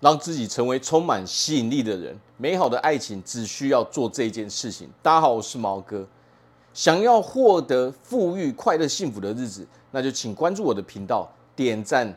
讓自己成為充滿吸引力的人，美好的愛情只需要做這件事情。大家好，我是毛哥。想要獲得富裕、快樂、幸福的日子，那就請關注我的頻道，點讚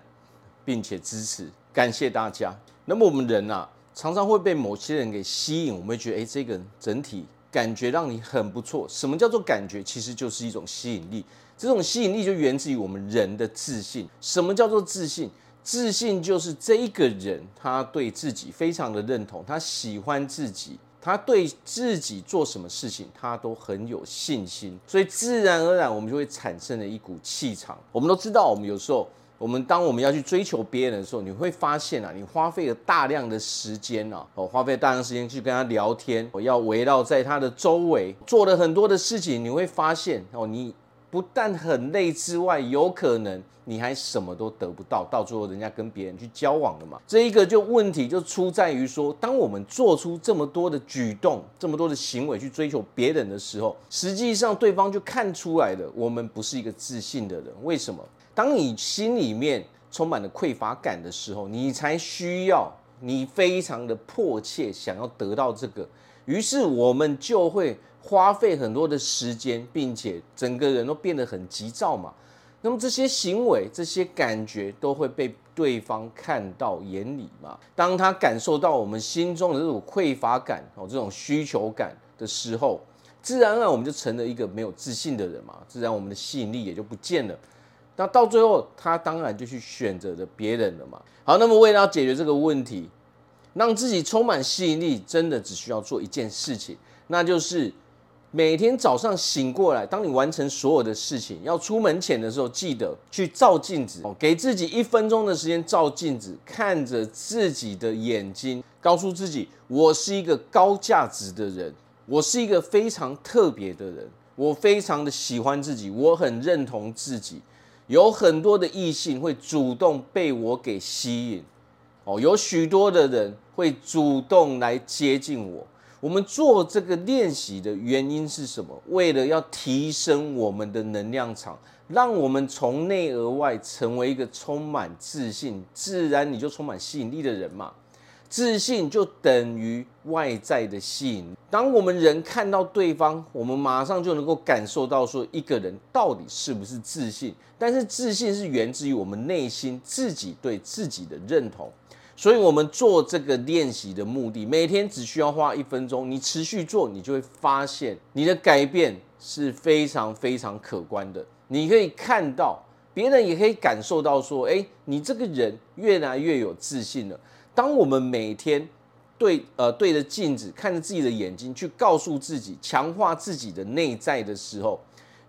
並且支持，感謝大家。那麼我們人啊，常常會被某些人給吸引，我們會覺得，哎，這個人整體感覺讓你很不錯。什麼叫做感覺？其實就是一種吸引力，這種吸引力就源自於我們人的自信。什麼叫做自信？自信就是這一個人，他對自己非常的認同，他喜歡自己，他對自己做什麼事情，他都很有信心，所以自然而然我們就會產生了一股氣場。我們都知道，我們有時候，我們當我們要去追求別人的時候，你會發現啊，你花費了大量的時間啊，哦，花費大量時間去跟他聊天，我要圍繞在他的周圍，做了很多的事情，你會發現哦，你。不但很累之外，有可能你還什麼都得不到。到最後，人家跟別人去交往了嘛，這一個就問題就出在於說，當我們做出這麼多的舉動、這麼多的行為去追求別人的時候，實際上對方就看出來了，我們不是一個自信的人。為什麼？當你心裡面充滿了匱乏感的時候，你才需要，你非常的迫切想要得到這個，於是我們就會。花費很多的時間，並且整個人都變得很急躁嘛。那麼這些行為、這些感覺都會被對方看到眼裡嘛。當他感受到我們心中的這種匱乏感哦，這種需求感的時候，自然而然我們就成了一個沒有自信的人嘛。自然我們的吸引力也就不見了。那到最後，他當然就去選擇了別人了嘛。好，那麼為了要解決這個問題，讓自己充滿吸引力，真的只需要做一件事情，那就是。每天早上醒過來，當你完成所有的事情要出門前的時候，記得去照鏡子哦，給自己一分鐘的時間照鏡子，看着自己的眼睛，告訴自己：我是一個高價值的人，我是一個非常特別的人，我非常的喜歡自己，我很認同自己，有很多的異性會主動被我給吸引，哦，有許多的人會主動來接近我。我們做這個練習的原因是什麼？為了要提升我們的能量場，讓我們從內而外成為一個充滿自信、自然你就充滿吸引力的人嘛。自信就等於外在的吸引力。當我們人看到對方，我們馬上就能夠感受到說一個人到底是不是自信。但是自信是源自於我們內心自己對自己的認同。所以我們做這個練習的目的，每天只需要花一分鐘，你持續做，你就會發現你的改變是非常非常可觀的。你可以看到，別人也可以感受到說，誒，你這個人越來越有自信了。當我們每天對呃對着鏡子看着自己的眼睛，去告訴自己，強化自己的內在的時候，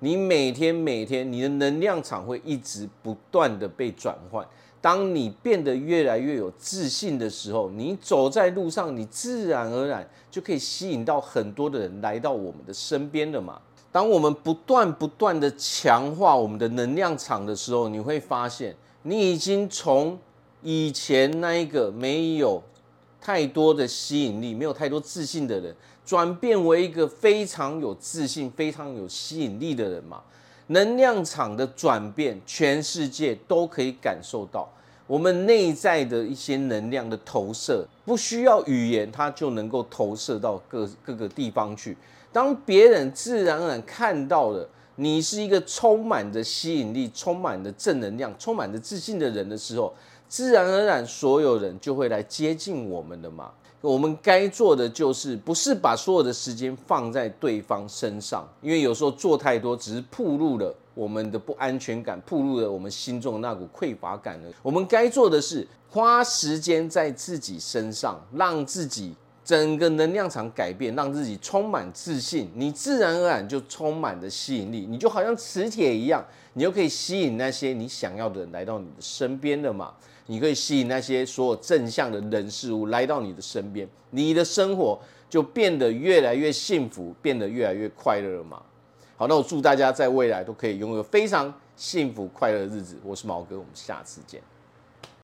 你每天每天你的能量場會一直不斷地被轉換。當你變得越來越有自信的時候，你走在路上，你自然而然就可以吸引到很多的人來到我們的身邊了嘛。當我們不斷不斷的強化我們的能量場的時候，你會發現，你已經從以前那一個沒有太多的吸引力、沒有太多自信的人，轉變為一個非常有自信、非常有吸引力的人嘛。能量場的轉變，全世界都可以感受到。我們內在的一些能量的投射，不需要語言，它就能夠投射到各各個地方去。當別人自然而然看到了你是一個充滿着吸引力、充滿着正能量、充滿着自信的人的時候，自然而然所有人就會來接近我們的嘛。我們該做的就是，不是把所有的時間放在對方身上，因為有時候做太多，只是暴露了我們的不安全感，暴露了我們心中的那股匱乏感了。我們該做的是花時間在自己身上，讓自己整個能量場改變，讓自己充滿自信，你自然而然就充滿了吸引力，你就好像磁鐵一樣，你就可以吸引那些你想要的人來到你的身邊了嘛。你可以吸引那些所有正向的人事物來到你的身邊，你的生活就變得越來越幸福，變得越來越快樂了嗎？好，那我祝大家在未來都可以擁有非常幸福快樂的日子。我是毛哥，我們下次見。